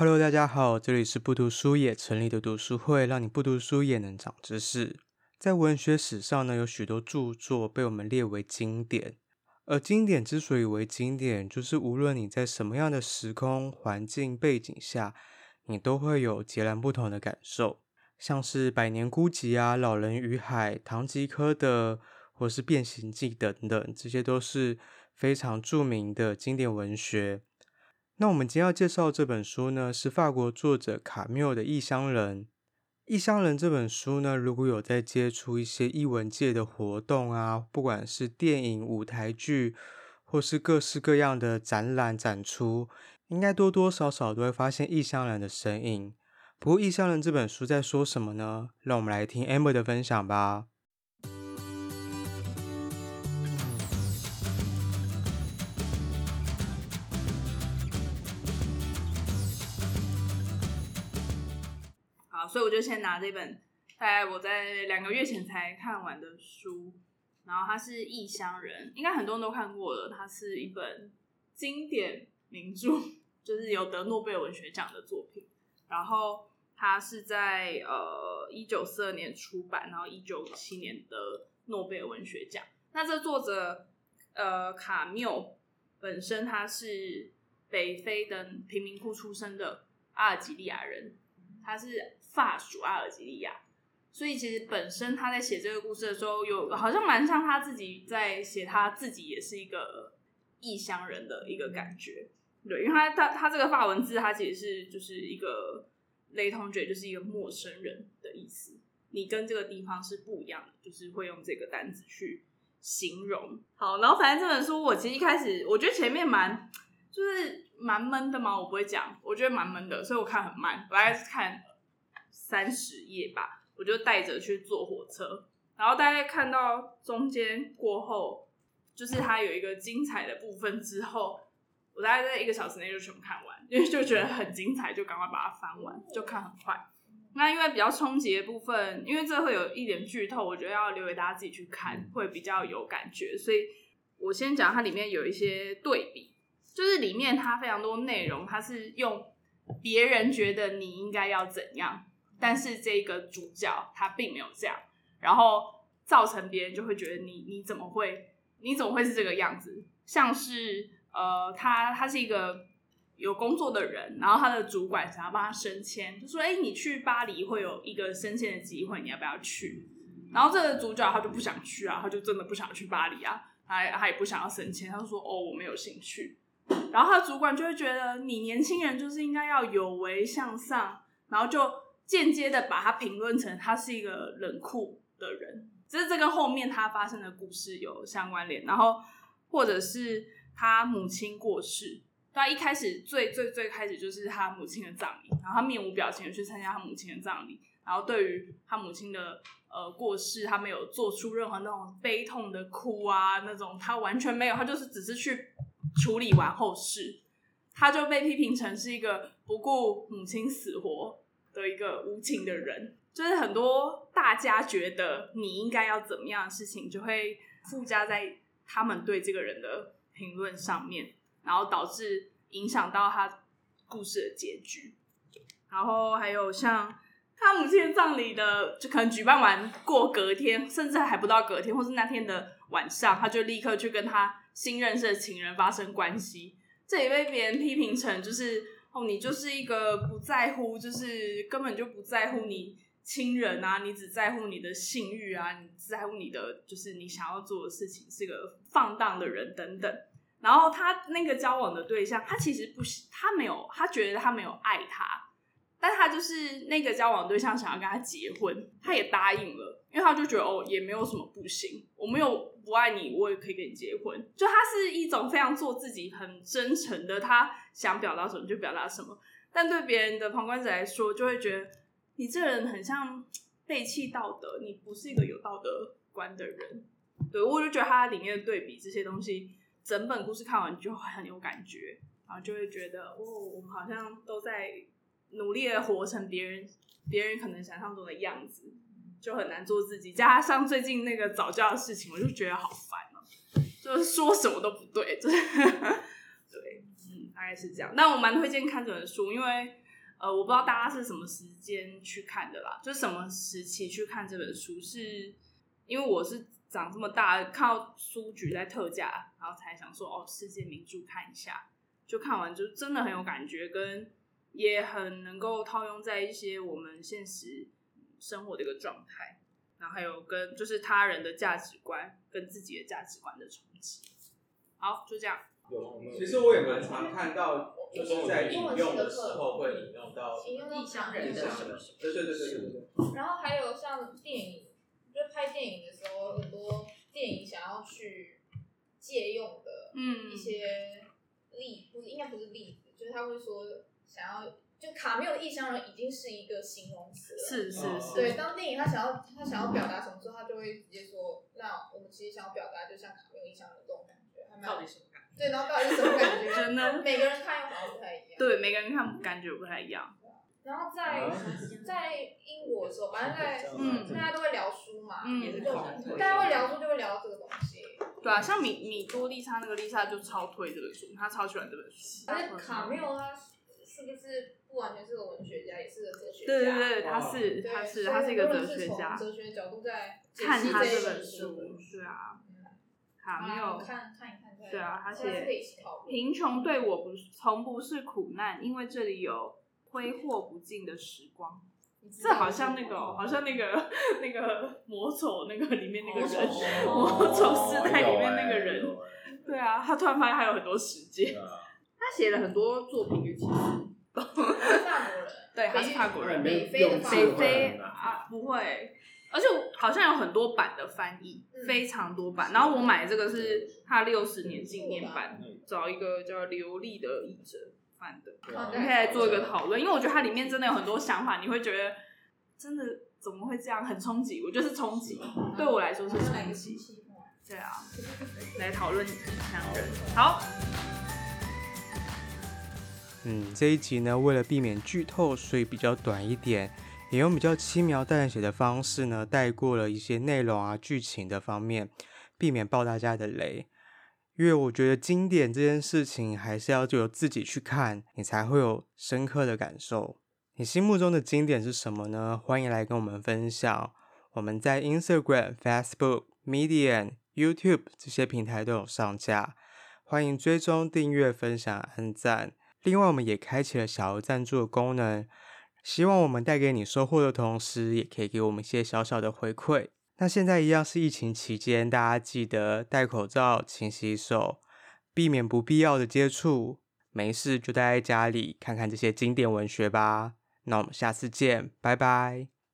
Hello，大家好，這裡是不讀書也成立的讀書會，讓你不讀書也能長知識。在文學史上呢，有許多著作被我們列為經典，而經典之所以為經典，就是無論你在什麼樣的時空環境背景下，你都會有截然不同的感受。像是《百年孤寂》啊，《老人與海》、唐吉訶德，或是《變形記》等等，這些都是非常著名的經典文學。那我們今天要介紹這本書呢，是法國作者卡謬的《異鄉人》。《異鄉人》這本書呢，如果有在接觸一些藝文界的活動啊，不管是電影、舞台劇，或是各式各樣的展覽、展出，應該多多少少都會發現《異鄉人》的身影。不過，《異鄉人》這本書在說什麼呢？讓我們來聽 Amber 的分享吧。所以我就先拿這本，大概我在兩個月前才看完的書，然後它是《異鄉人》，應該很多人都看過了，它是一本經典名著，就是有得諾貝爾文學獎的作品。然後它是在呃一九四二年出版，然後一九五七年的諾貝爾文學獎。那這作者呃卡繆本身他是北非的貧民窟出身的阿爾及利亞人，他是。法屬阿爾及利亞，所以其實本身他在寫這個故事的時候，有好像蠻像他自己在寫他自己也是一個異鄉人的一個感覺，對，因為他他他這個法文字，他其實是就是一個雷同覺，就是一個陌生人的意思，你跟這個地方是不一樣的，就是會用這個單字去形容。好，然後反正這本書，我其實一開始我覺得前面蠻就是蠻悶的嘛，我不會講，我覺得蠻悶的，所以我看很慢，我還是看。三十頁吧，我就帶着去坐火車，然後大概看到中間過後，就是它有一個精彩的部分之後，我大概在一個小時內就全部看完，因為就覺得很精彩，就趕快把它翻完，就看很快。那因為比較衝擊的部分，因為這會有一點劇透，我覺得要留給大家自己去看，會比較有感覺。所以我先講它裡面有一些對比，就是裡面它非常多內容，它是用別人覺得你應該要怎樣。但是這個主角他並沒有這樣，然後造成別人就會覺得你你怎麼會你怎麼會是這個樣子？像是呃，他他是一個有工作的人，然後他的主管想要幫他升遷，就說：“哎，你去巴黎會有一個升遷的機會，你要不要去？”然後這個主角他就不想去啊，他就真的不想去巴黎啊，他他也不想要升遷，他就說：“哦，我沒有興趣。”然後他的主管就會覺得你年輕人就是應該要有為向上，然後就。間接的把他評論成他是一個冷酷的人。只是這跟後面他發生的故事有相關聯。然後，或者是他母親過世，他一開始最最最開始就是他母親的葬禮，然後他面無表情的去參加他母親的葬禮，然後對於他母親的呃過世，他沒有做出任何那種悲痛的哭啊那種，他完全沒有，他就是只是去處理完後事，他就被批評成是一個不顧母親死活的一個無情的人，就是很多大家覺得你應該要怎麼樣的事情，就會附加在他們對這個人的評論上面，然後導致影響到他故事的結局。然後還有像他母親葬禮的，就可能舉辦完過隔天，甚至還不到隔天，或是那天的晚上，他就立刻去跟他新認識的情人發生關係，這也被別人批評成就是。哦，你就是一個不在乎，就是根本就不在乎你親人啊，你只在乎你的性慾啊，你只在乎你的就是你想要做的事情，是一個放蕩的人等等。然後他那個交往的對象，他其實不，他沒有，他覺得他沒有愛他。但他就是那個交往對象，想要跟他結婚，他也答應了，因為他就覺得哦，也沒有什麼不行，我沒有不愛你，我也可以跟你結婚。就他是一種非常做自己、很真誠的，他想表達什麼就表達什麼。但對別人的旁觀者來說，就會覺得你這個人很像背棄道德，你不是一個有道德觀的人。對，我就覺得他裡面的對比這些東西，整本故事看完就很有感覺，然後就會覺得哦，我們好像都在。努力的活成別人，別人可能想象中的樣子，就很難做自己。加上最近那個早教的事情，我就覺得好煩，喔，就是說什麼都不對，就是 對，嗯，大概是這樣。但我蠻推薦看這本書，因為呃，我不知道大家是什麼時間去看的啦，就什麼時期去看這本書，是因為我是長這麼大看到書局在特價，然後才想說哦，世界名著看一下，就看完就真的很有感覺跟。也很能夠套用在一些我們現實生活的一個狀態，然後還有跟就是他人的價值觀跟自己的價值觀的衝擊。好，就這樣。有，其實我也蠻常看到，就是在引用的時候會引用到異鄉人的、啊什麼，對對對對對，對，對。嗯、然後還有像電影，就拍電影的時候，很多電影想要去借用的，嗯，一些例，不應該不是例子，就是他會說。想要就卡謬異鄉人已經是一個形容詞了，是是是，對，當電影他想要他想要表達什麼時候，他就會直接說，那我們其實想表達就像卡謬異鄉人這種感覺，到底什麼感覺？對，然後到底是什麼感覺？真的，每個人看又好像不太一樣。對，每個人看感覺不太一樣。然後在在英國的時候，反正在嗯，大家都會聊書嘛，嗯，大家會聊書就會聊到這個東西。對啊，像米米多麗莎那個麗莎就超推這個書，她超喜歡這本書。但卡謬啊。是不完全是個文學家，也是個哲學家？對對他是，他是，他是一個哲學家。哲學角度在看他這本書，是啊，沒有看看一看，對啊，他寫貧窮對我不從不是苦難，因為這裡有揮霍不盡的時光。這好像那個，好像那個那個魔丑那個裡面那個人，魔丑時代裡面那個人，對啊，他突然發現還有很多時間，他寫了很多作品，其實。 對，他是帕國人的？北北非,的非,非啊，啊不會。而且好像有很多版的翻譯，嗯、非常多版。嗯、然後我買這個是他六十年紀念版，嗯啊那個、找一個叫劉俐的譯者翻的，你、啊、可以來做一個討論，啊、因為我覺得它裡面真的有很多想法，你會覺得真的怎麼會這樣，很衝擊，我就是衝擊，嗯、對我來說是衝擊。對啊，來討論一下，好。嗯，這一集呢，為了避免劇透，所以比較短一點，也用比較輕描淡寫的方式呢，帶過了一些內容啊、劇情的方面，避免爆大家的雷。因為我覺得經典這件事情，還是要由自己去看，你才會有深刻的感受。你心目中的經典是什麼呢？歡迎來跟我們分享。我們在 Instagram、Facebook、Medium、YouTube 這些平台都有上架，歡迎追蹤、訂閱、分享、按讚。另外，我們也開啟了小額贊助的功能，希望我們帶給你收穫的同時，也可以給我們一些小小的回饋。那現在一樣是疫情期間，大家記得戴口罩、勤洗手，避免不必要的接觸。沒事就待在家裡，看看這些經典文學吧。那我們下次見，拜拜。